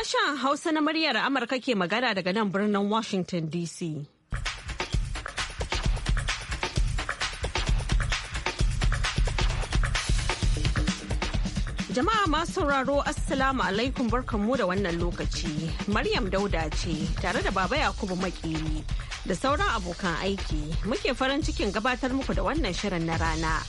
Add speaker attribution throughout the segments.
Speaker 1: Sashen Hausa na muryar Amurka ke magana daga nan birnin Washington DC. Jama'a masu sauraro Assalamu alaikum barkanmu da wannan lokaci. Maryam Dauda ce tare da Baba Yakubu Makeri da sauran abokan aiki muke farin cikin gabatar muku da wannan shirin na rana.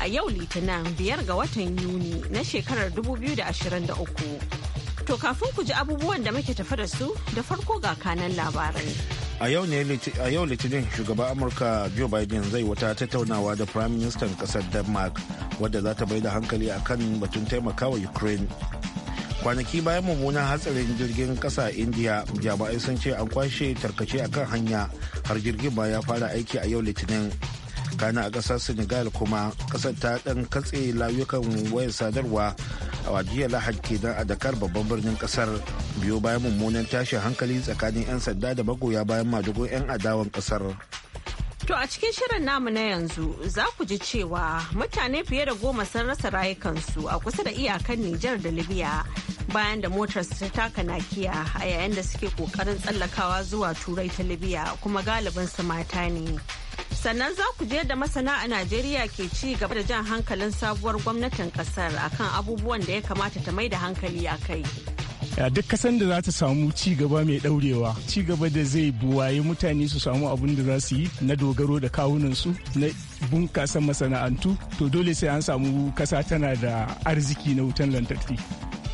Speaker 1: A yau Litinin biyar ga watan Yuni na shekarar 2023. To kafin ku ji abubuwan da muke tafa da su da farko ga kanan labarai.
Speaker 2: A yau Litinin shugaban Amurka Joe Biden zai wata tattaunawa da Prime Minister kasar Denmark wadda za ta bai da hankali a kan batun taimakawa Ukraine. kwanaki bayan mummunan hatsarin jirgin kasa india jami'ai sun ce an kwashe tarkace akan hanya har jirgin ba ya fara aiki a yau litinin kana a kasar senegal kuma kasar ta ɗan katse layukan wayar sadarwa a jiya lahad kenan a dakar babban birnin kasar biyo bayan mummunan tashin hankali tsakanin 'yan sanda da magoya bayan madugo 'yan adawan kasar
Speaker 1: To a cikin shirin namu na yanzu za ku ji cewa mutane fiye da goma sun rasa rayukansu a kusa da iyakan Nijar da Libya bayan da motarsu ta taka nakiya a yayin da suke kokarin tsallakawa zuwa turai ta Libya kuma galibin su mata ne. sannan za ku je da masana a najeriya ke ci gaba da jan hankalin sabuwar gwamnatin kasar akan abubuwan da ya kamata ta mai da hankali a kai
Speaker 3: duk kasan da za ta samu ci gaba mai daurewa ci gaba da zai buwaye mutane su samu abin da za su yi na dogaro da kawunansu na bunkasa masana'antu to dole sai an samu kasa tana da arziki na wutan lantarki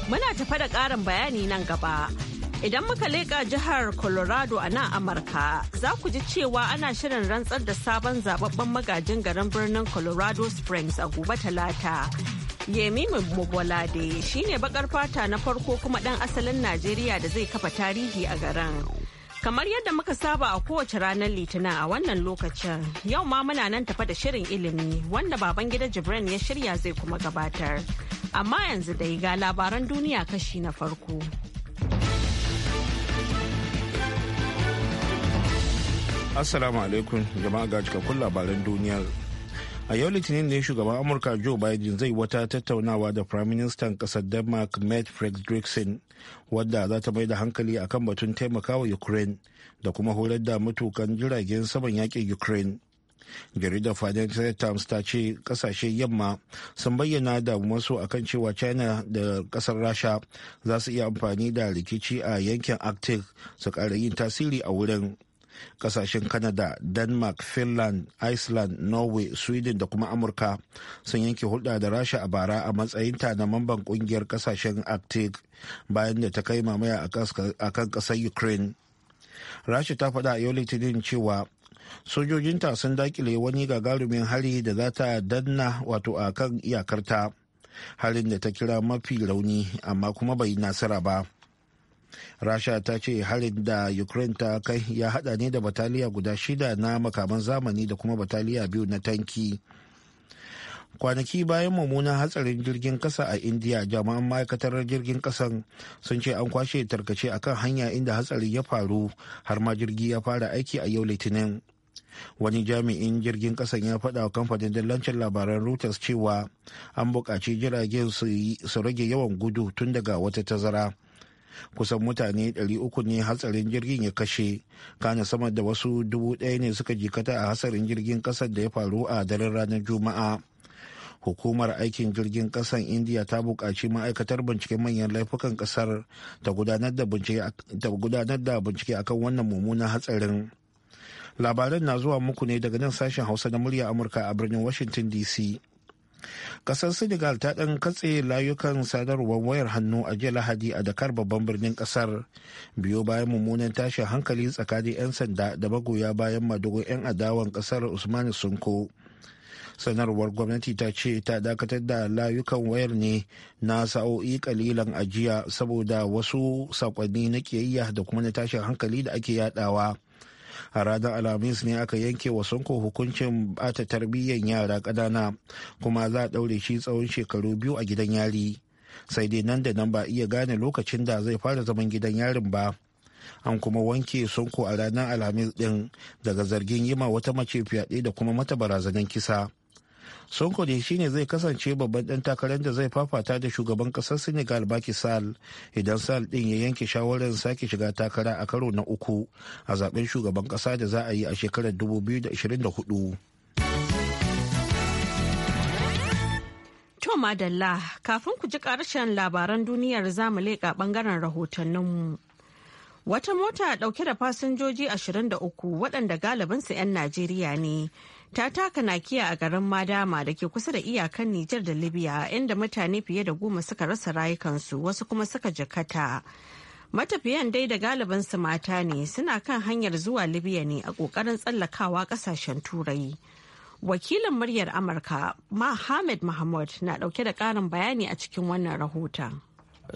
Speaker 1: muna tafa da ƙarin bayani nan gaba Idan muka leƙa jihar Colorado a nan Amurka, za ku ji cewa ana shirin rantsar da sabon zababben magajin garin birnin Colorado Springs a gobe talata. Yemi Mubolade shi ne bakar fata na farko kuma ɗan asalin Najeriya da zai kafa tarihi a garin. Kamar yadda muka saba a kowace ranar Litinin a wannan lokacin, yau ma muna nan tafa da shirin ilimi wanda baban gida Jibran ya shirya zai kuma gabatar. Amma yanzu dai ga labaran duniya kashi na farko.
Speaker 2: Assalamu alaikum jama'a ga cikakkun labaran duniyar. A yau Litinin ne shugaban Amurka Joe Biden zai wata tattaunawa da Prime Minister kasar Denmark Matt Frederiksen wadda za ta mai da hankali akan batun taimakawa Ukraine da kuma horar da matukan jiragen saman yakin Ukraine. jaridar financial times ta ce kasashe yamma sun bayyana da damuwarsu akan cewa china da kasar rasha za su iya amfani da rikici a yankin arctic su ƙara yin tasiri a wurin kasashen canada denmark finland iceland norway sweden da kuma amurka sun yanke hulɗa da rasha a bara a matsayinta na mamban kungiyar kasashen arctic bayan da ta kai mamaya a kan ƙasar ukraine rasha ta faɗa a yau litinin cewa sojojinta sun dakile wani gagarumin hari da za ta danna wato a kan iyakarta harin da ta kira mafi rauni amma kuma bai nasara ba rasha ta ce harin da ukraine ta kai ya hada ne da bataliya guda shida na makaman zamani da kuma bataliya biyu na tanki kwanaki bayan mummunan hatsarin jirgin kasa a india jama'an ma'aikatar jirgin kasan sun ce an kwashe tarkace akan hanya inda hatsarin ya faru har ma jirgi ya fara aiki a yau litinin wani jami'in jirgin kasan ya faɗa wa kamfanin dillancin labaran reuters cewa an buƙaci jiragen su rage yawan gudu tun daga wata tazara kusan mutane 300 ne hatsarin jirgin ya kashe kana sama da wasu dubu ɗaya ne suka jikata a hatsarin jirgin ƙasar da ya faru a daren ranar juma'a hukumar aikin jirgin ƙasar india ta buƙaci ma'aikatar binciken manyan laifukan ƙasar ta gudanar da bincike akan wannan mummunan hatsarin labaran na zuwa muku ne daga nan sashen hausa na murya amurka a birnin washington dc Ƙasar senegal ta ɗan katse layukan sadarwar wayar hannu a jiya lahadi a dakar babban birnin Ƙasar biyo bayan mummunan tashin hankali tsakanin 'yan sanda da magoya bayan madogon 'yan adawan ƙasar usmani sunko sanarwar gwamnati ta ce ta dakatar da layukan wayar ne na sa'o'i kalilan ajiya saboda wasu sakonni na kiyayya da kuma na tashin hankali da ake yadawa a ranar alhamis ne aka yanke wa sonko hukuncin bata tarbiyyar yara kadana kuma za a daure shi tsawon shekaru biyu a gidan yari sai dai nan da nan ba iya gane lokacin da zai fara zaman gidan yarin ba an kuma wanke sonko a ranar alhamis din daga zargin yima wata mace fyaɗe da kuma mata barazanan kisa sonko da shine zai kasance babban dan takarar da zai fafata da shugaban kasar senegal baki sal idan sal din ya yanke shawarar sake shiga takara a karo na uku a zaben shugaban kasa da za a yi a shekarar 2024
Speaker 1: To madalla kafin ku ji karshen labaran duniyar zamu leƙa ɓangaren rahotanninmu. Wata mota ɗauke da fasinjoji 23 waɗanda galibinsu 'yan Najeriya ne ta taka nakiya a garin Madama da ke kusa da iyakan Nijar da Libya inda mutane fiye da goma suka rasa rayukansu wasu kuma suka jakata. Matafiyan dai da galibinsu mata ne suna kan hanyar zuwa Libya ne a kokarin tsallakawa kasashen Turai. Wakilin muryar Amurka mahamed Mahmud na dauke da karin bayani a cikin wannan rahoton.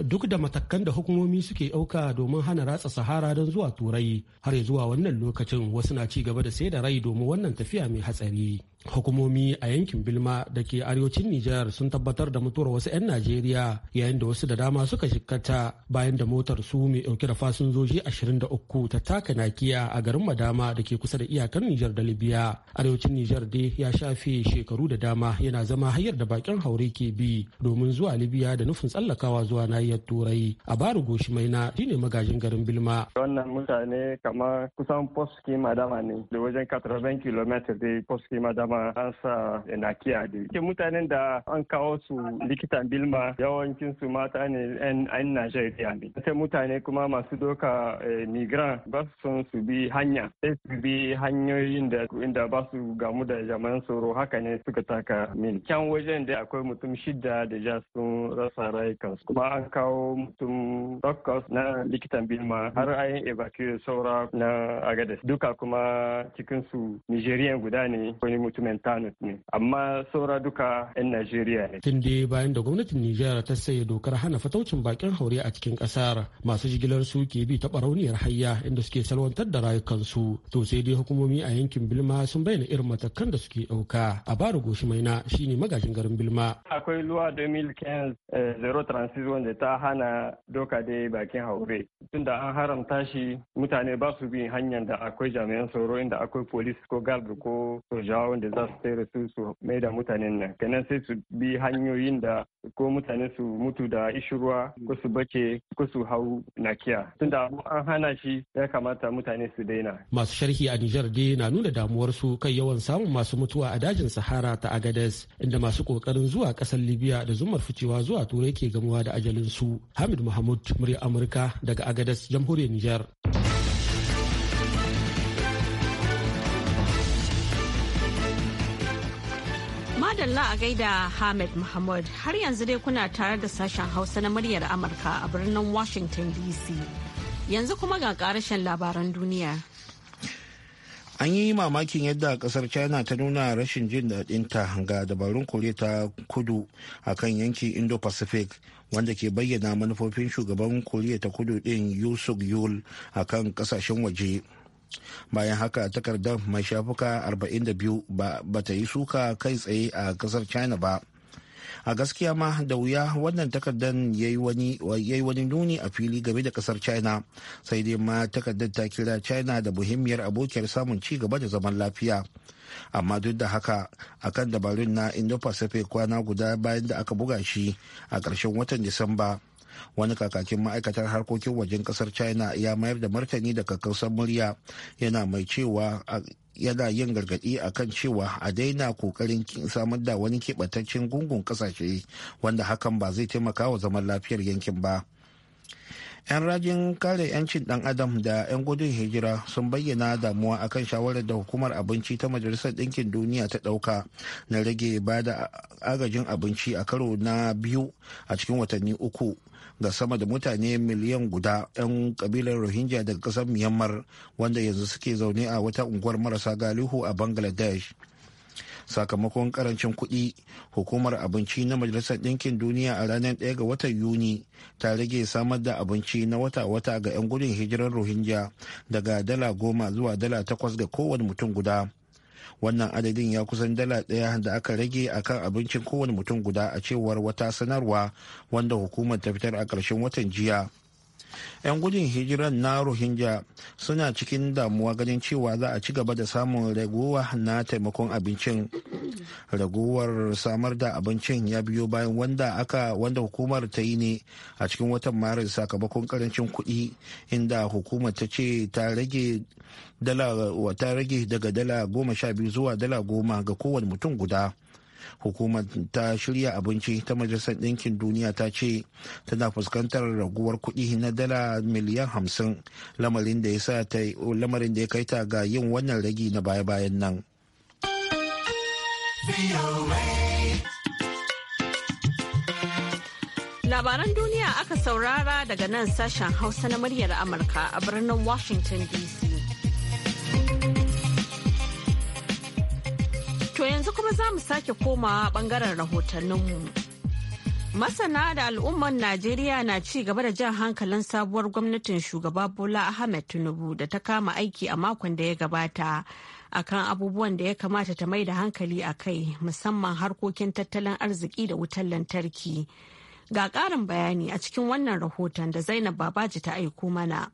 Speaker 1: duk da matakan
Speaker 4: da hukumomi suke ɗauka domin hana ratsa sahara don zuwa turai har zuwa wannan lokacin wasu na ci gaba da sai da rai domin wannan tafiya mai hatsari Hukumomi a yankin Bilma da ke arewacin Nijar sun tabbatar da mutuwar wasu 'yan Najeriya yayin da wasu da dama suka shikkata bayan da motar su mai dauke da fasinjoji 23 ta taka nakiya a garin Madama da ke kusa da iyakar Nijar da Libya. Arewacin Nijar dai ya shafe shekaru da dama yana zama hanyar da bakin haure ke bi domin zuwa Libya da nufin tsallakawa zuwa nahiyar Turai. A baru goshi maina shine magajin garin Bilma.
Speaker 5: Wannan mutane kamar kusan poski madama ne da wajen 80 km dai poski madama ma an sa kiya da ke mutanen da an kawo su likitan bilma yawancin su mata ne yan Najeriya ne sai mutane kuma masu doka eh, migrant ba su son su bi hanya sai su bi hanyoyin da inda ba su gamu da jaman tsoro haka ne suka taka min kyan wajen da akwai mutum shida da ja sun rasa rayukansu kuma an kawo mutum takwas na likitan bilma har ayin evacuate saura na agades duka kuma cikinsu nigerian guda ne wani mutum usman ne amma saura duka 'yan najeriya ne
Speaker 4: tun dai bayan da gwamnatin nijar ta sayi dokar hana fataucin bakin haure a cikin kasar masu jigilar su ke bi ta rauniyar hayya inda suke salwantar da rayukansu to sai dai hukumomi a yankin bilma sun bayyana irin matakan da suke ɗauka a baro goshi maina shine magajin garin bilma
Speaker 5: akwai luwa 2015 eh, zero transit wanda ta hana doka da bakin haure tunda an haramta shi mutane ba su bin hanyar da akwai jami'an tsaro inda akwai polis ko guard ko sojawa wanda za su tsere su su mai da mutanen nan kenan sai su bi hanyoyin da ko mutane su mutu da ishirwa ko su bace ko su hau nakiya tunda abu an hana shi ya kamata mutane su daina masu sharhi a
Speaker 4: Nijar dai na nuna damuwar su kan yawan samun masu mutuwa a dajin Sahara ta Agades inda masu kokarin zuwa kasar Libya da zumar ficewa zuwa Turai ke gamuwa da ajalin su Hamid Mahmud murya Amurka daga Agades jamhuriyar Nijar
Speaker 1: madalla a gaida Hamid Muhammad har yanzu dai kuna tare da sashen Hausa na muryar Amurka a birnin Washington DC. Yanzu kuma ga karashen labaran duniya.
Speaker 2: An yi mamakin yadda kasar China ta nuna rashin jin daɗinta ga dabarun kore ta kudu a kan yankin Indo-Pacific wanda ke bayyana manufofin shugaban koriya ta kudu ɗin Yusuf Yul a kan ƙasashen waje. bayan haka takardar mai shafuka 42 ba ta yi suka kai tsaye a kasar china ba a gaskiya ma da wuya wannan takardar ya yi wani nuni a fili game da kasar china sai dai ma takardar ta kira china da muhimmiyar abokiyar samun ci gaba da zaman lafiya amma duk da haka akan dabarun na indo-pacific kwana guda bayan da aka buga shi a ƙarshen watan disamba wani kakakin ma'aikatar harkokin wajen kasar china ya mayar da martani da kakkausar murya yana mai cewa yana yin gargadi a kan cewa a daina kokarin samar da wani keɓantaccen gungun kasashe wanda hakan ba zai taimaka wa zaman lafiyar yankin ba. 'yan rajin kare 'yancin dan adam da 'yan gudun hijira sun bayyana damuwa akan shawarar da hukumar abinci ta majalisar ɗinkin duniya ta ɗauka na rage ba da agajin abinci a karo na biyu a cikin watanni uku ga sama da mutane miliyan guda 'yan kabilar rohingya daga kasar myanmar wanda yanzu suke zaune a wata unguwar marasa galihu a bangladesh sakamakon karancin kuɗi hukumar abinci na majalisar ɗinkin duniya a ranar 1 ga watan yuni ta rage samar da abinci na wata-wata ga 'yan gudun hijirar rohingya daga dala goma zuwa dala takwas ga kowane mutum guda wannan adadin ya kusan dala ɗaya da aka rage a kan abincin kowane mutum guda a cewar wata sanarwa wanda hukumar ta fitar a ƙarshen watan jiya 'yan gudun hijiran na rohingya suna cikin damuwa ganin cewa za a ci gaba da samun raguwa na taimakon abincin raguwar samar da abincin ya biyo bayan wanda aka wanda hukumar ta yi ne a cikin watan maris sakamakon karancin kuɗi inda hukumar ta ce ta rage dala daga dala goma sha biyu zuwa dala goma ga kowane mutum guda hukumar ta shirya abinci ta majalisar ɗinkin duniya ta ce tana fuskantar raguwar kuɗi na dala miliyan hamsin lamarin da ya lamarin da ya kai ta ga yin wannan ragi na baya-bayan nan.
Speaker 1: Labaran duniya aka saurara daga nan sashen Hausa na muryar Amurka a birnin Washington DC. To yanzu kuma za mu sake komawa bangaren rahotanninmu. Masana da al'ummar Najeriya na ci gaba da jan hankalin sabuwar gwamnatin shugaba Bola Ahmed Tinubu da ta kama aiki a makon da ya gabata akan abubuwan da ya kamata ta mai da hankali a kai musamman harkokin tattalin arziki da wutar lantarki. Ga ƙarin bayani a cikin wannan rahoton da Zainab
Speaker 6: Babaji ta aiko mana.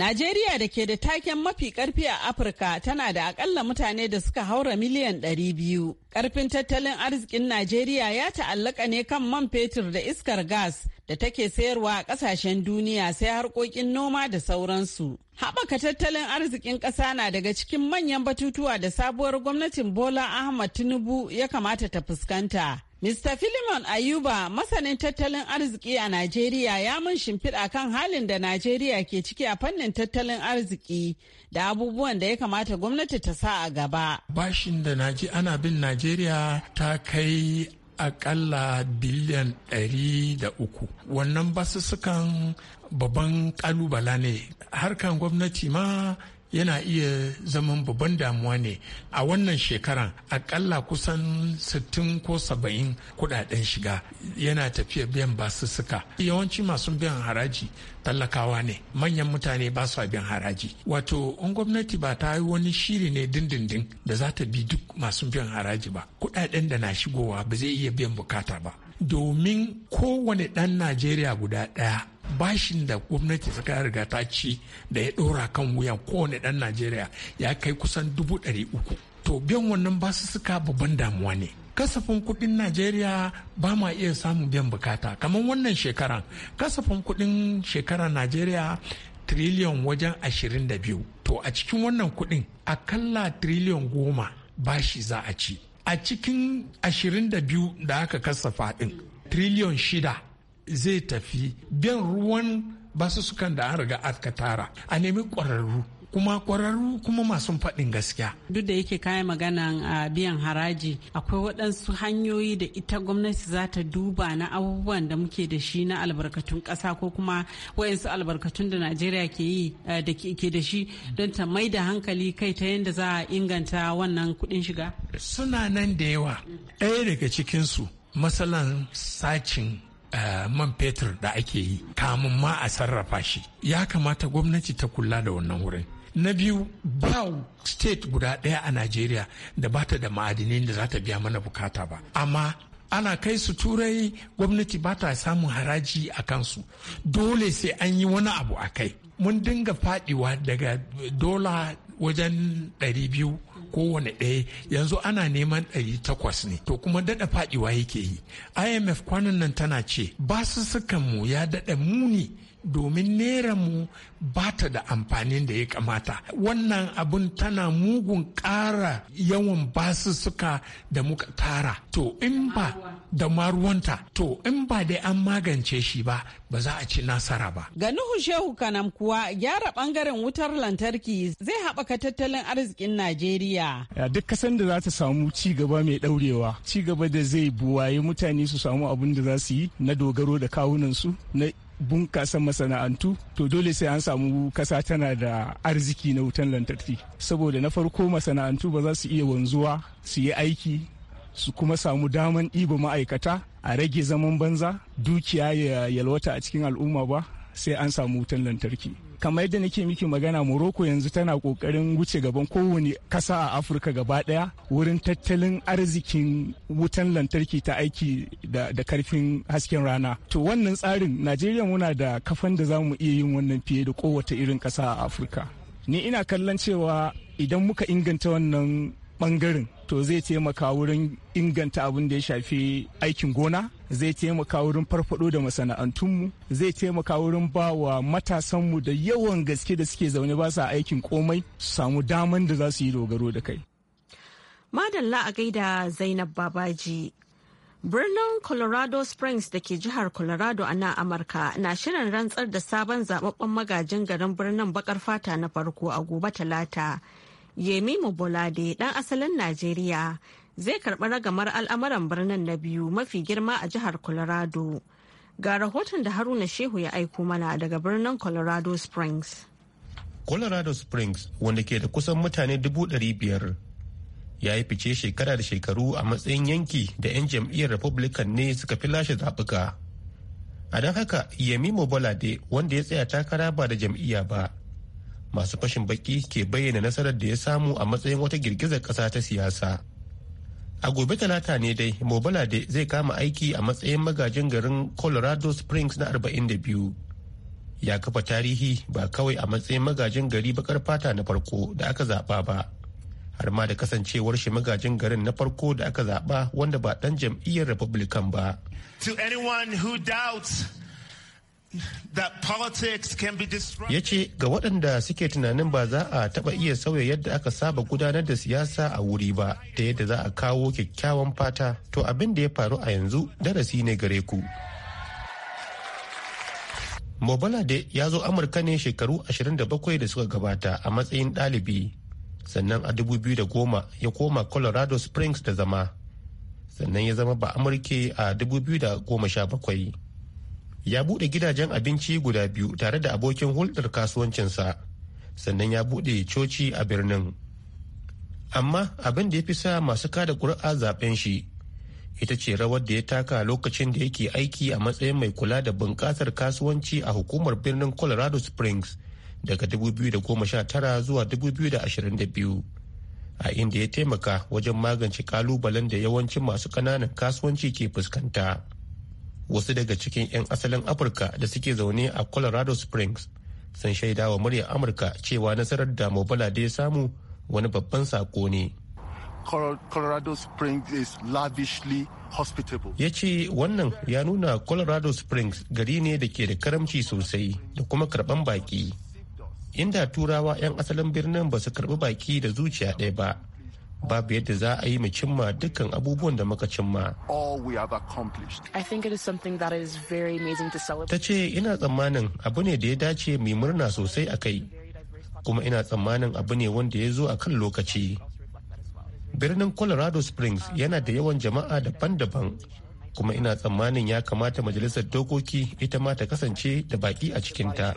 Speaker 6: Najeriya da ke da taken mafi karfi a Afirka tana da akalla mutane da suka haura miliyan ɗari biyu. Karfin tattalin arzikin Najeriya ya ta'allaka ne kan man fetur da iskar gas da take sayarwa a ƙasashen duniya sai harkokin noma da sauransu. Haɓaka tattalin arzikin ƙasa na daga cikin manyan batutuwa da sabuwar gwamnatin Bola Ahmad Tinubu ya kamata ta fuskanta. Mr. Philemon Ayuba, masanin tattalin arziki a Najeriya ya mun shimfiɗa kan halin da Najeriya ke ciki a fannin tattalin arziki da abubuwan da ya kamata gwamnati ta sa a gaba.
Speaker 7: Bashin da ana bin Najeriya ta kai akalla biliyan ɗari da uku. Wannan basussukan babban ƙalubala ne. Harkan gwamnati ma yana iya zaman babban damuwa ne a wannan shekaran akalla kusan 60 ko 70 kudaden shiga yana tafiya biyan basussuka yawanci masu biyan haraji tallakawa ne manyan mutane ba su biyan haraji wato in gwamnati ba ta yi wani shiri ne dindindin da za ta bi duk masu biyan haraji ba kudaden da na shigowa ba zai iya biyan bukata ba domin kowane dan najeriya guda ɗaya bashin da gwamnati ta riga ta ci da ya ɗora kan wuya kowane ɗan najeriya ya kai kusan dubu ɗari uku to biyan wannan basu suka babban damuwa ne kasafin kudin najeriya ba ma iya samun biyan bukata kamar wannan shekaran kasafin kudin shekara najeriya triliyon wajen 22 to a cikin wannan kudin akalla triliyon goma bashi za a ci a cikin 22 da aka kasafa din triliyon shida zai tafi biyan ruwan sukan da an riga aka tara a nemi ƙwararru kuma kwararru kuma masu faɗin gaskiya.
Speaker 6: Duk da yake kayan magana a ah, biyan haraji akwai waɗansu hanyoyi da ita gwamnati za ta duba na abubuwan da muke da shi na albarkatun ƙasa ko kuma waɗansu albarkatun da Najeriya ke yi eh, da ke da shi don ta mai da hankali kai ta yadda za a inganta wannan kuɗin shiga.
Speaker 7: Suna nan da yawa. Ɗaya daga cikinsu matsalan sacin Eh, man fetur da ake yi kamun ma a sarrafa shi ya kamata gwamnati ta kula da wannan wurin na biyu ba state guda daya a najeriya da ba ta da ma'adinai da za ta biya mana bukata ba amma ana kai su turai gwamnati ba ta samun haraji a kansu dole sai an yi wani abu a kai mun dinga fadiwa daga dola wajen 200 kowane ɗaya yanzu ana neman ɗari takwas ne to kuma daɗa faɗiwa yake yi imf kwanan nan tana ce basussukan mu ya daɗa muni domin nera mu ba ta da amfanin da ya kamata wannan abun tana mugun ƙara yawan suka da muka tara to in ba da maruwanta to in ba dai an magance shi ba ba za a ci nasara ba
Speaker 6: ga nuhu shehu kanam kuwa gyara bangaren wutar lantarki zai haɓaka tattalin arzikin najeriya
Speaker 3: duk kasan da za ta samu ci gaba mai ɗaurewa ci gaba da zai buwaye mutane su samu abin da za su yi na dogaro da kawunan su na bunƙasa masana'antu to dole sai an samu kasa tana da arziki na wutan lantarki saboda na farko masana'antu ba za su iya wanzuwa su yi aiki su kuma samu daman ɗiba ma'aikata a rage zaman banza dukiya ya yalwata a cikin al'umma ba sai an samu wutan lantarki kamar yadda nake miki magana morocco yanzu tana kokarin wuce gaban kowane kasa a afirka gaba daya wurin tattalin arzikin wutan lantarki ta aiki da, karfin hasken rana to wannan tsarin najeriya muna da kafan da zamu iya yin wannan fiye da kowace irin kasa a afirka ni ina kallon cewa idan muka inganta wannan bangaren to zai taimaka wurin inganta abin da ya shafi aikin gona zai taimaka wurin farfado da masana'antunmu zai taimaka wurin ba wa matasanmu da yawan gaske da suke zaune ba sa aikin komai su samu daman da za su yi dogaro da kai
Speaker 1: madalla a gaida zainab babaji Birnin Colorado Springs da ke jihar Colorado a na Amurka na shirin rantsar da sabon zababben magajin garin birnin bakar fata na farko a gobe talata Yemimu Bolade dan asalin Najeriya zai karɓi ragamar al'amuran birnin na biyu mafi girma a jihar Colorado. Ga rahoton da Haruna Shehu ya aiko mana daga birnin Colorado Springs.
Speaker 8: Colorado Springs wanda ke da kusan mutane dubu biyar ya yi fice shekara da shekaru a matsayin yanki da 'yan jam'iyyar Republican ne suka fi lashe zaɓuka. A don haka Yemimo Bolade wanda ya tsaya takara ba da jam'iyya ba. masu fashin baki ke bayyana nasarar da ya samu a matsayin wata girgizar ƙasa ta siyasa a gobe talata ne dai mobala da zai kama aiki a matsayin magajin garin colorado springs na 42 ya kafa tarihi ba kawai a matsayin magajin gari bakar fata na farko da aka zaba ba har ma da kasancewar shi magajin garin na farko da aka zaba wanda ba ɗan jam'iyyar republican ba
Speaker 2: to anyone who doubts
Speaker 8: ya ce ga waɗanda suke tunanin ba za a taɓa iya sauya yadda aka saba gudanar da siyasa a wuri ba ta yadda za a kawo kyakkyawan fata to abin da ya faru a yanzu darasi ne gare ku mobalade ya zo amurka ne shekaru 27 da suka gabata a matsayin ɗalibi sannan a 2010 ya koma colorado springs da zama sannan ya zama ba amurke a 2017 ya buɗe gidajen abinci guda biyu tare da abokin hulɗar kasuwancinsa sannan ya buɗe coci a birnin amma abin da ya fi sa masu kada ƙuri'a zaben shi ita ce rawar da ya taka lokacin da yake aiki a matsayin mai kula da bunƙasar kasuwanci a hukumar birnin colorado springs daga 2019 zuwa 2022 a inda ya taimaka wajen magance kalubalen da yawancin masu ƙananan kasuwanci ke fuskanta. wasu daga cikin 'yan asalin afirka da suke zaune a colorado springs sun shaida wa muryar amurka cewa nasarar da mobala da ya samu wani babban sako ne
Speaker 9: colorado springs is lavishly
Speaker 8: hospitable ya ce wannan ya nuna colorado springs gari ne da ke da karamci sosai da kuma karban baki inda turawa 'yan asalin birnin ba su karbi baki da zuciya ɗaya ba babu yadda za a yi mu cimma dukkan abubuwan da muka cimma. Ta ce ina tsammanin abu ne da ya dace mai murna sosai a kai, kuma ina tsammanin abu ne wanda ya zo a kan lokaci. Birnin Colorado Springs yana da yawan jama'a daban-daban kuma ina tsammanin ya kamata majalisar dokoki ita ma ta kasance da baki a cikinta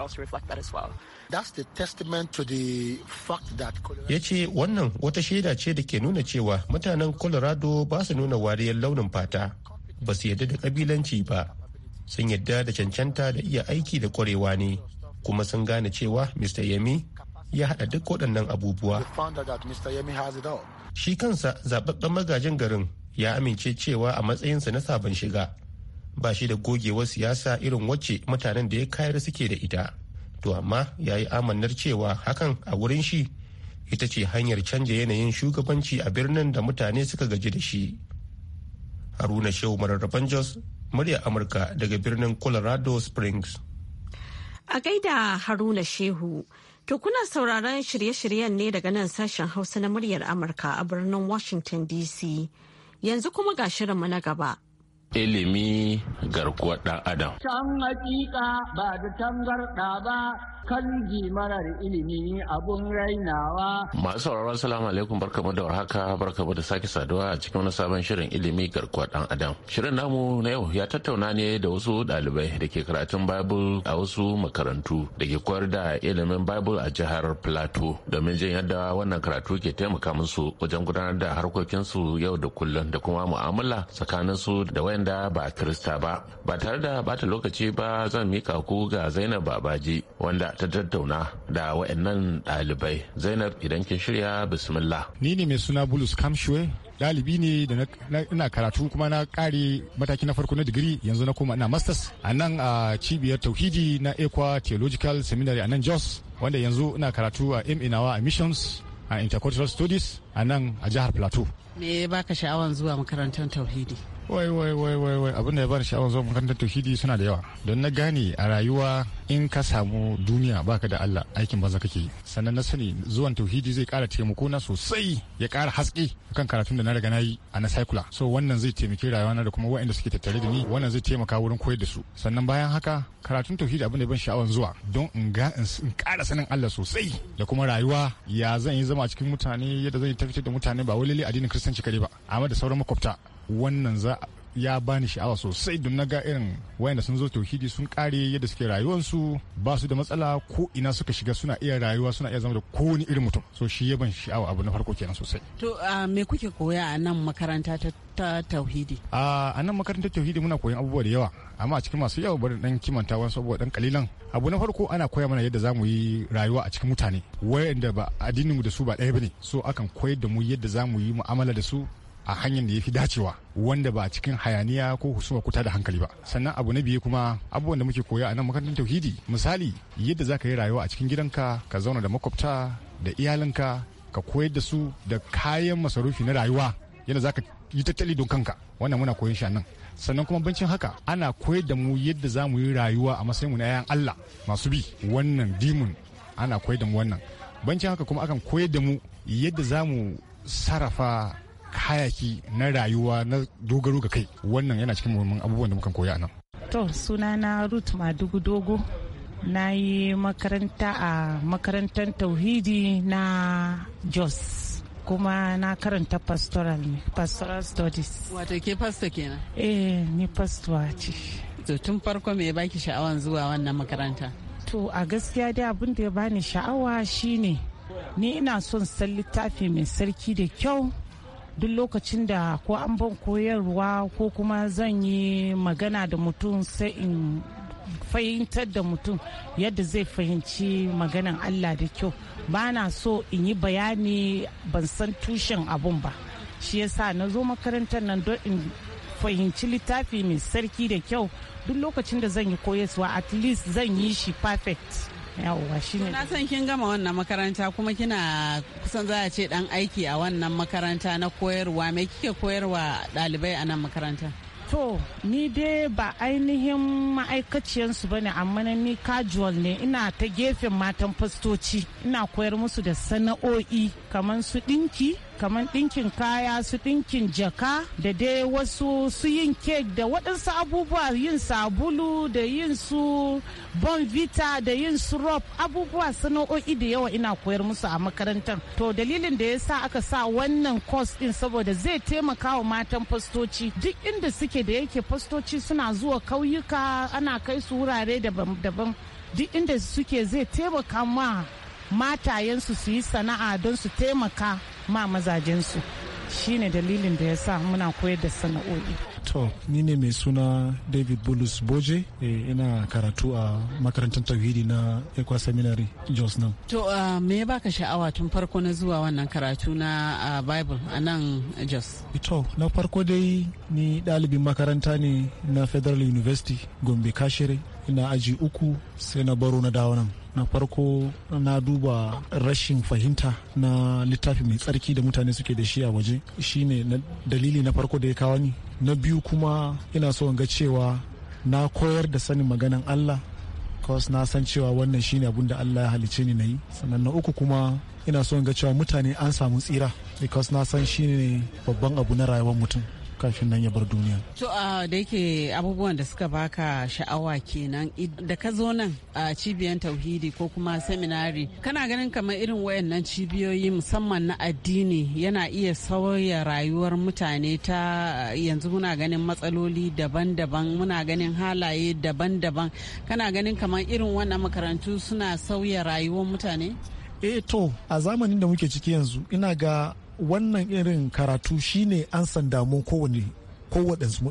Speaker 8: ya ce wannan wata shaida ce da ke nuna cewa mutanen colorado ba su nuna wariyar launin fata ba su yadda da kabilanci ba sun yadda da cancanta da iya aiki da kwarewa ne kuma sun gane cewa mr yemi ya hada duk waɗannan abubuwa shi kansa zaɓaɓɓen magajin garin ya amince cewa a matsayinsa na sabon shiga ba shi da gogewar siyasa irin wacce mutanen da ya kayar suke da ita to amma ya yi amannar cewa hakan a wurin shi ita ce hanyar canja yanayin shugabanci a birnin da mutane suka gaji da shi haruna shehu mararraban jos murya amurka daga birnin colorado springs
Speaker 1: a gaida haruna shehu To kuna sauraron shirye-shiryen ne daga nan sashen Hausa na muryar Amurka a birnin Washington DC. Yanzu kuma ga shirinmu na gaba.
Speaker 9: Ilimi garkuwar ɗan Adam.
Speaker 5: Can hakika ba da tangarɗa ba kanji mana da ilimi abun rainawa.
Speaker 9: Masu sauraron salamu alaikum barkamu da warhaka barkamu da sake saduwa a cikin wani sabon shirin ilimi garkuwa dan adam. Shirin namu na yau ya tattauna ne da wasu ɗalibai da ke karatun Bible a wasu makarantu da ke koyar da ilimin Bible a jihar Plateau domin jin yadda wannan karatu ke taimaka musu wajen gudanar da harkokinsu yau da kullum da kuma mu'amala tsakanin su da wayanda ba Kirista ba. Ba tare da bata lokaci ba zan mika ku ga Zainab Babaji wanda ta tattauna da waɗannan ɗalibai zainab idan kin shirya bismillah
Speaker 10: ni ne mai suna bulus kamshwe ɗalibi ne da ina karatu kuma na kare mataki na farko na digiri yanzu na koma ina masters a nan a cibiyar tauhidi na ekwa theological seminary a nan jos wanda yanzu ina karatu a ma nawa a missions a intercultural studies a nan a jihar plateau
Speaker 6: me baka sha'awan zuwa makarantar tauhidi wai
Speaker 10: wai wai wai wai abin ya bani sha'awar zuwa makarantar tauhidi suna da yawa don na gane a rayuwa in ka samu duniya baka da Allah aikin banza kake sannan na sani zuwan tauhidi zai kara taimako na sosai ya kara haske kan karatun da na riga na yi a na cycle so wannan zai taimaki rayuwa na da kuma waɗanda suke tattare da ni wannan zai taimaka wurin koyar da su sannan bayan haka karatun tauhidi abin da ban sha'awar zuwa don in ga in kara sanin Allah sosai da kuma rayuwa ya zan yi zama a cikin mutane yadda zan yi da mutane ba wai lalle addinin kristanci kare ba amma da sauran makwabta wannan za ya bani sha'awa sosai don na ga irin wayanda sun zo tauhidi sun kare yadda suke rayuwansu ba su da matsala ko ina suka shiga suna iya rayuwa suna iya zama da kowane irin mutum so shi ya ban sha'awa abu na farko kenan sosai
Speaker 6: to me kuke koya a nan makaranta ta tauhidi
Speaker 10: a nan makarantar tauhidi muna koyan abubuwa da yawa amma a cikin masu yawa bari dan kimanta wasu abubuwa dan kalilan abu na farko ana koya mana yadda zamu yi rayuwa a cikin mutane wayanda ba addinin mu da su ba ɗaya bane so akan koyar da mu yadda zamu yi mu'amala da su a hanyar da ya fi dacewa wanda ba cikin hayaniya ko husuma kuta da hankali ba sannan abu na biyu kuma abubuwan da muke koya a nan makarantar tauhidi misali yadda za ka yi rayuwa a cikin gidanka ka zauna da makwabta da iyalinka ka koyar da su da kayan masarufi na rayuwa yadda za ka yi tattali don kanka wannan muna koyon shi a nan sannan kuma bancin haka ana koyar da mu yadda za mu yi rayuwa a matsayinmu na 'ya'yan Allah masu bi wannan dimun ana koyar da mu wannan bancin haka kuma akan koyar da mu yadda za mu sarrafa hayaki na rayuwa na dogaro ga kai wannan yana cikin muhimman abubuwan da muka koya nan
Speaker 11: to sunana ruth madugu dogo na yi makaranta a makarantar tauhidi na jos kuma na karanta pastoral ne pastoral studies
Speaker 6: wato ke pasta kenan
Speaker 11: eh ni pastowa ce
Speaker 6: to tun farko me baki sha'awan zuwa wannan makaranta
Speaker 11: to a gaskiya dai abin da ya bani sha'awa shine ni ina son san littafi mai sarki da kyau duk lokacin da ko an ban koyarwa ko kuma zan yi magana da mutum sai in fahimtar da mutum yadda zai fahimci maganan Allah da kyau ba na so in yi bayani ban san tushen abun ba shi yasa na zo makarantar nan don in fahimci littafi mai sarki da kyau duk lokacin da zan yi koyaswa at least zan yi shi perfect yawwa shi ne na san
Speaker 6: kin gama wannan makaranta kuma kina kusan za a ce dan aiki a wannan makaranta na koyarwa mai kike koyarwa dalibai a nan makaranta
Speaker 11: to ni dai ba ainihin ma'aikaciyarsu ba ne amma ni casual ne ina ta gefen matan fastoci ina koyar musu da sana'o'i kamar su dinki. kamar ɗinkin kaya su ɗinkin jaka da dai wasu su yin kek da waɗansu abubuwa yin sabulu da yin su bonvita da yin su rob abubuwa sana'o'i da yawa ina koyar musu a makarantar to dalilin da ya sa aka sa wannan kwas ɗin saboda zai taimaka wa matan fastoci duk inda suke da yake fastoci suna zuwa kauyuka ana kai su wurare daban-daban duk inda suke zai taimaka ma matayensu su yi sana'a don su taimaka ma mazajensu shi ne dalilin da ya sa muna koyar da sana'o'i to
Speaker 12: ni ne mai suna david bulus boje eh, ina karatu a makarantar tauhidi na ekwa seminary jos nan
Speaker 6: to me ya baka sha'awa tun farko na zuwa wannan karatu na bible a nan jos to na farko dai ni ɗalibin
Speaker 12: makaranta ne na federal university gombe kashere ina aji uku sai na baro na dawo nan na farko na duba rashin fahimta na littafi mai tsarki da mutane suke da shi a waje shine dalili na farko da ya kawo ni na biyu kuma ina so ga cewa na koyar da sanin maganan Allah kawas na san cewa wannan shine abin da Allah ya halice ni na yi sannan na uku kuma ina so ga cewa mutane an samu tsira because na san shine babban abu na rayuwar mutum kashin nan ya bar duniya.
Speaker 6: To da yake abubuwan da suka baka sha'awa kenan da ka zo nan a cibiyar tauhidi ko kuma seminari kana ganin kamar irin wayannan cibiyoyi musamman na addini yana iya sauya rayuwar mutane ta yanzu muna ganin matsaloli daban-daban muna ganin halaye daban-daban kana ganin kamar irin wannan makarantu suna sauya rayuwar mutane?
Speaker 12: Eh to a zamanin da muke ciki yanzu ina ga wannan irin karatu shine an damuwan kowane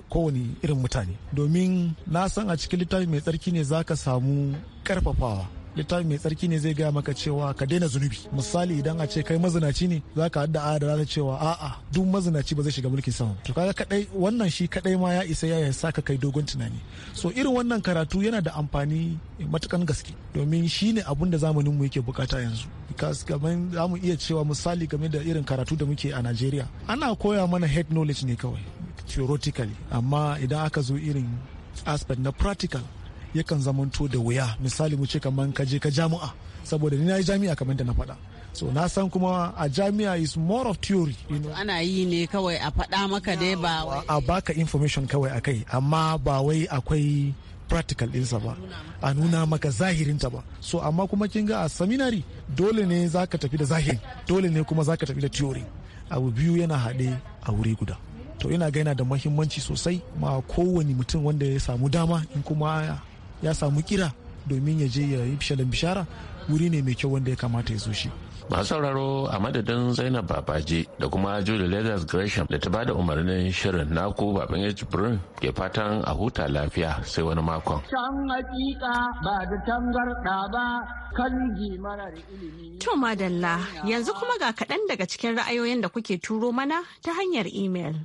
Speaker 12: kowane irin mutane domin na san a cikin littafi mai tsarki ne za ka samu karfafawa littafi mai tsarki ne zai gaya maka cewa ka daina zunubi misali idan a ce kai mazinaci ne za ka haɗa adara da cewa a'a duk mazinaci ba zai shiga mulkin sama to kaga kadai wannan shi kadai ma ya isa ya sa ka kai dogon tunani so irin wannan karatu yana da amfani matukan gaske domin shine abun da zamanin mu yake bukata yanzu podcast game za mu iya cewa misali game da irin karatu da muke a Najeriya ana koya mana head knowledge ne kawai theoretically amma idan aka zo irin aspect na practical yakan zamanto da wuya misali mu ce kamar ka je ka jami'a saboda ni na yi jami'a kamar da na faɗa so na san kuma a jami'a is more of theory
Speaker 6: you know ana yi ne kawai a faɗa maka dai ba
Speaker 12: a baka information kawai akai amma ba wai akwai practical ɗinsa ba a nuna maka zahirinta ba so amma kuma kin ga a seminary dole ne za ka tafi da zahiri dole ne kuma za ka tafi da theory abu biyu yana haɗe a wuri guda to ina ga yana da mahimmanci sosai ma kowane mutum wanda ya samu dama in kuma ya samu kira domin ya je ya yi bishara wuri ne mai kyau wanda ya kamata ya zo shi
Speaker 9: masu sauraro a madadin zainab babaje da kuma julie leathers gresham da ta bada umarnin shirin naku baban ya jibrin ke fatan a huta lafiya sai wani makon
Speaker 2: ba da
Speaker 1: ba kan to madalla yanzu kuma ga kaɗan daga cikin ra'ayoyin da kuke turo mana ta hanyar imel.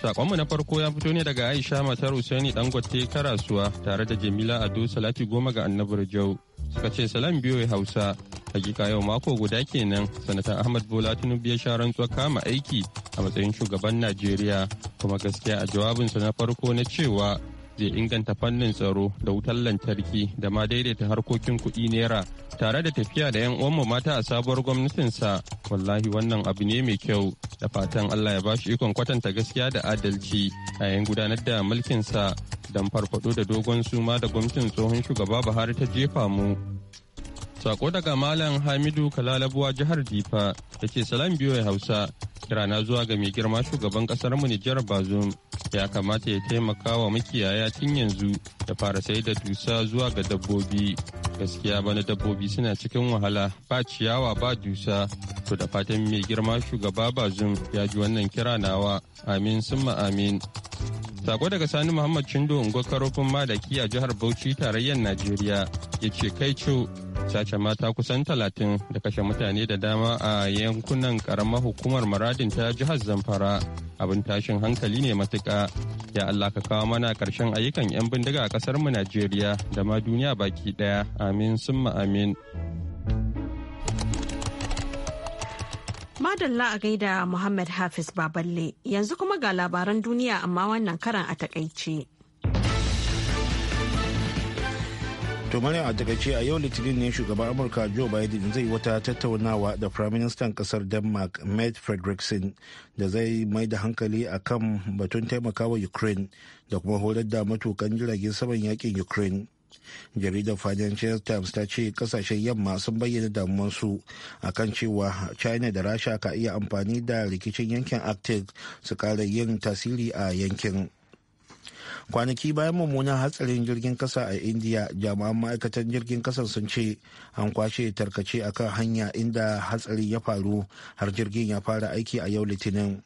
Speaker 13: Sakonmu na farko ya fito ne daga Aisha matar Usaini Dangote Karasuwa tare da Jamila Ado Salati Goma ga Annabar Jau. Suka ce salam ya Hausa. Hakika yau mako guda kenan sanata Ahmad Bola Tinubu ya sha rantsuwa kama aiki a matsayin shugaban Najeriya kuma gaskiya a jawabinsa na farko na cewa zai inganta fannin tsaro da wutar lantarki da ma daidaita harkokin kuɗi naira tare da tafiya da 'yan uwanmu mata a sabuwar gwamnatinsa wallahi wannan abu ne mai kyau da fatan allah ya bashi ikon kwatanta gaskiya da adalci a yayin gudanar da mulkinsa don farfado da dogon suma da gwamnatin tsohon shugaba buhari ta jefa mu Sako daga Malam Hamidu Kalalabuwa jihar Difa da ke salam ya Hausa kirana zuwa ga mai girma shugaban kasar mu Nijar Bazum ya kamata ya taimaka wa makiyaya tun yanzu da fara sai da dusa zuwa ga dabbobi gaskiya bana dabbobi suna cikin wahala ba ciyawa ba dusa to da fatan mai girma shugaba bazum ya ji wannan kira nawa amin sun amin sako daga sani muhammad chindo ungo karofin madaki a jihar bauchi tarayyar najeriya ya ce kai co sace mata kusan talatin da kashe mutane da dama a yankunan karamar hukumar maradin ta jihar zamfara abin tashin hankali ne matuka ya Allah ka kawo mana karshen ayyukan 'yan bindiga a kasar mu Najeriya da ma duniya baki daya amin summa amin
Speaker 1: Madalla a gaida Muhammad Hafiz Baballe yanzu kuma ga labaran duniya amma wannan karan a takaice.
Speaker 2: to a takaice a yau litinin ne shugaban amurka joe biden zai wata tattaunawa da prime minister kasar denmark matt fredrickson da zai mai da hankali a kan batun taimakawa ukraine da kuma horar da matukan jiragen saman yakin ukraine jaridar financial times ta ce kasashen yamma sun bayyana a kan cewa china da rasha ka iya amfani da rikicin yankin arctic su kara yin tasiri a yankin kwanaki bayan mummunan hatsarin jirgin kasa a indiya jami'an ma'aikatan jirgin kasan sun ce an kwashe tarkace akan hanya inda hatsari ya faru har jirgin ya fara aiki a yau litinin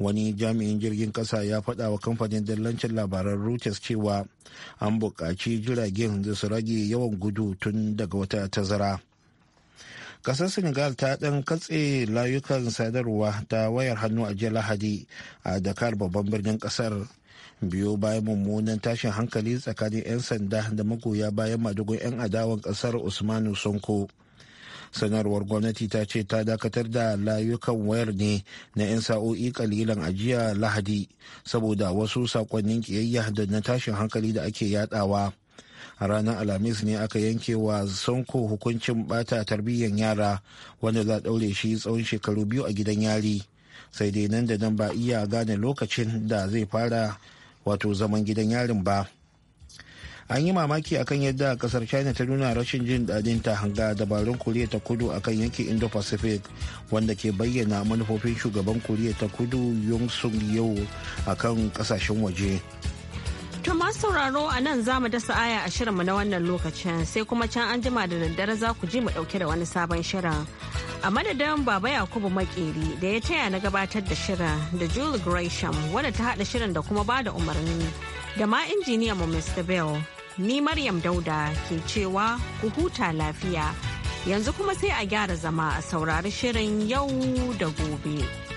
Speaker 2: wani jami'in jirgin kasa ya faɗa wa kamfanin dallancin labaran reuters cewa an buƙaci jiragen da su rage yawan gudu tun daga wata tazara kasar senegal ta ɗan katse layukan sadarwa ta wayar hannu a jiya lahadi a dakar babban birnin ƙasar biyo bayan mummunan tashin hankali tsakanin 'yan sanda da magoya bayan madugun 'yan adawan kasar usmanu sonko sanarwar gwamnati ta ce ta dakatar da layukan wayar ne na 'yan sa'o'i kalilan ajiya lahadi saboda wasu sakonnin kiyayya da na tashin hankali da ake yadawa a ranar alhamis ne aka yanke wa sonko hukuncin bata tarbiyyar yara wanda za daure shi tsawon shekaru biyu a gidan yari sai dai nan da nan ba iya gane lokacin da zai fara wato zaman gidan yarin ba an yi mamaki akan yadda kasar china ta nuna rashin jin dadin ta hanga dabarun koriya ta kudu akan yankin indo-pacific wanda ke bayyana manufofin shugaban koriya ta kudu yong sung yau akan kasashen waje
Speaker 1: To masu sauraro a nan za mu dasa aya a shirinmu na wannan lokacin sai kuma can an jima da daddare za ku ji mu dauke da wani sabon shirin. A madadin Baba Yakubu Makeri da ya taya na gabatar da shirin da Julie Gresham wadda ta haɗa shirin da kuma ba da umarni da ma injiniya mu Mr. Bell. Ni Maryam Dauda ke cewa ku huta lafiya. Yanzu kuma sai a gyara zama a saurari shirin yau da gobe.